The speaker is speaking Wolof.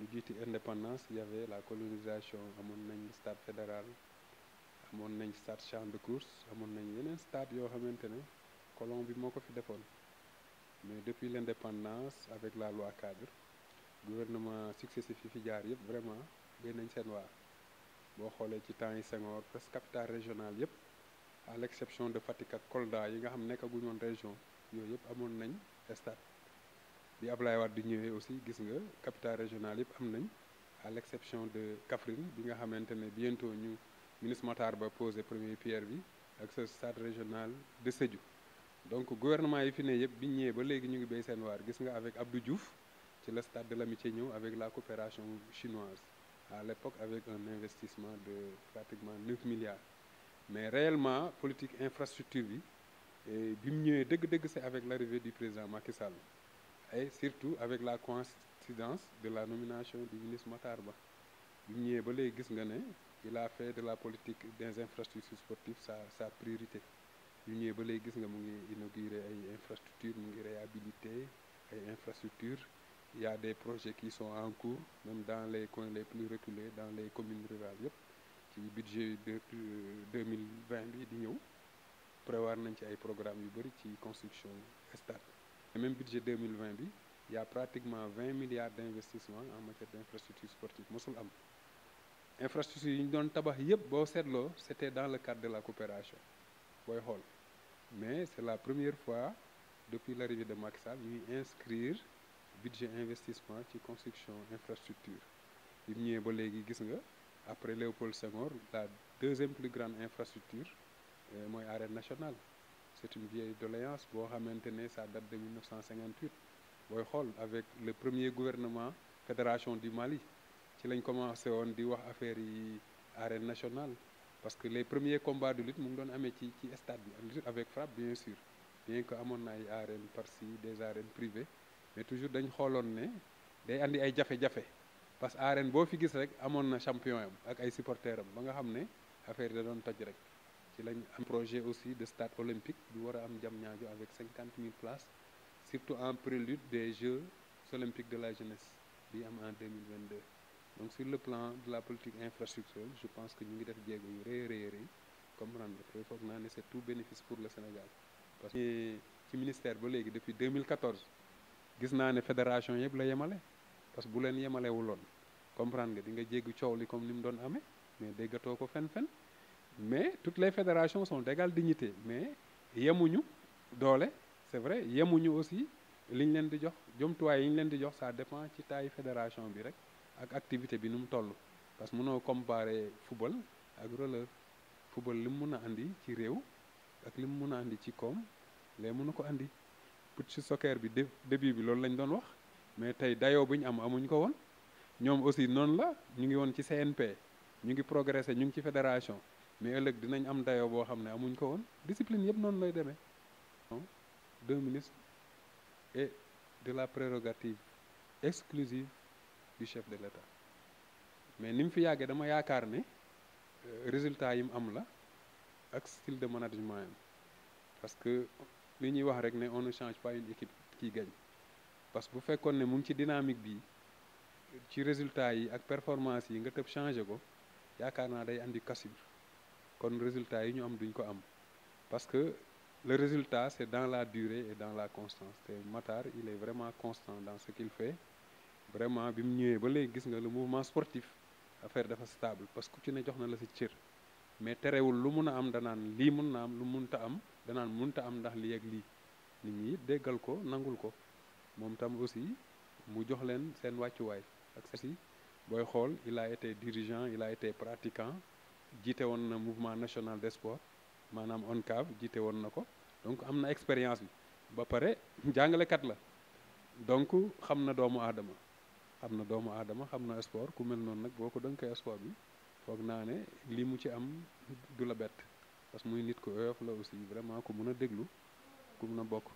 lu jiiti indépendance y avait la colonisation amoon nañ stade fédéral amoon nañ stade champ de course amoon nañ yeneen stade yoo xamante ne colon bi moo ko fi defoon mais depuis l'indépendance avec la loi cadre gouvernement successif yi fi jaar yëpp vraiment génn nañ seen waa boo xoolee ci temps yi Senghor presque capitale régional yëpp à l'exception de Fatick ak Kolda yi nga xam nekkaguñoon région yooyu yëpp amoon nañ stade bi Ablaye Wade di ñëwee aussi gis nga capital régional yëpp am nañ à l'exception de Kaffrine bi nga xamante ne bientôt ñu ministre Matar Ba posé première pierre bi ak sa stade régional de Sédhiou donc gouvernement yi fi ne yëpp bi ñu ñëwee ba léegi ñu ngi béy seen waar gis nga avec Abdou Diouf ci la stade de l'amitié ñëw avec la coopération chinoise à l'époque avec un investissement de pratiquement 9 milliards mais réellement politique infrastructure bi bi mu ñëwee dëgg-dëgg c'est avec l'arrivée du président Sall ay surtout avec la coïncidence de la nomination du ministre Matar Ba bi mu ñëwee ba léegi gis nga ne il a de la politique des infrastructures sportives sa sa priorité yu ñëwee ba léegi gis nga mu ngi inauguré ay infrastructures mu ngi réhabilité ay infrastructures il y a des projets qui sont en cours même dans les coins les plus reculés dans les communes rurales yëpp ci budget de 2020 bi di ñëw prévoir nañ ci ay programmes yu bëri ci construction stade et même budget 2020 bi y a pratiquement 20 milliards d'investissement en matière d'infrastructure sportive mosul am infrastructure yi ñu doon tabax yépp boo seetloo c'était dans le cadre de la coopération booy xool mais c'est la première fois depuis l'arrivée de Macky Sall ñuy inscrire budget investissement ci construction infrastructure bi mu ñëwee ba léegi gis nga après Léopold Senghor la deuxième plus grande infrastructure euh, mooy arène national c'est une vieille doléance boo xamante ne ça date de 1958 booy xool avec le premier gouvernement fédération du Mali ci lañ commencé woon di wax affaire yi arène nationale parce que les premiers combats de lutte mu ngi doon amee ci ci stade bi lutte avec frappe bien sûr bien que amoon na ay arènes par-ci des arènes privées mais toujours dañ xooloon ne day indi ay jafe-jafe parce que arène boo fi gis rek amoon na champion am ak ay supporters ba nga xam ne affaire yi da doon toj rek ci lañ am projet aussi de stade olympique bi war a am Diamniadio avec cinquante mille places surtout en prélude des Jeux olympiques de la jeunesse bi am en mille vingt deux donc sur le plan de la politique infrastructurelle je pense que ñu ngi def jéego yu rëy rëy rëy comme ren foog naa ne c'est tout bénéfice pour le Sénégal parce que ci ministère ba léegi depuis 2014 gis naa ne fédération yëpp la yemale parce que bu leen yemalewuloon comprendre nga di nga jéggi coow li comme ni mu doon amee mais déggatoo ko fen mais tout les fédérations son dégal dignité mais yemuñu doole c'est vrai yemuñu aussi liñ leen di jox jumtuwaay yi ñu leen di jox ça dépend ci taille fédération bi rek ak activité bi nu mu toll parce que mënoo comparer football ak roller football li mu mun a indi ci réew ak li mu mun a indi ci koom lee mënu ko indi pour ci soccer bi début bi loolu lañ doon wax mais tey dayo bu ñu am amuñ ko woon ñoom aussi noonu la ñu ngi woon ci CNP ñu ngi progressé ñu ngi ci fédération mais ëllëg dinañ am dayoo boo xam ne amuñ ko woon discipline yëpp noonu lay demee deux ministres et de la prérogative exclusive du chef de l'État mais ni mu fi yàggee dama yaakaar ne euh, résultat yi mu am la ak style de management yam parce que li ñuy wax rek ne on ne change pas une équipe qui gagne parce que bu fekkoon ne mu ci dynamique bi ci résultat yi ak performance yi nga tëb changé ko yaakaar naa day andi cassure kon résultat yi ñu am duñ ko am parce que le résultat c'est dans la durée et dans la constance te Matar il est vraiment constant dans ce qu'il fait vraiment bi mu ñëwee ba léegi gis nga le mouvement sportif affaire dafa stable parce que ku ne jox na la sa cër mais terewul lu mun a am danaan lii mun na am lu munta am danaan munta am ndax lii ak lii nit ñi déggal ko nangul ko moom tam aussi mu jox leen seen wàccuwaay ak si booy xool il a été dirigeant il a jiite woon na mouvement national des sports maanaam ONCAV jiite woon na ko donc am na expérience bi ba pare jàngalekat la donc xam na doomu aadama xam na doomu aadama xam na sport ku mel noonu nag boo ko dënkee sport bi foog naa ne li mu ci am du la bett parce que muy nit ko oyof la aussi vraiment ku mun a déglu ku mun a bokk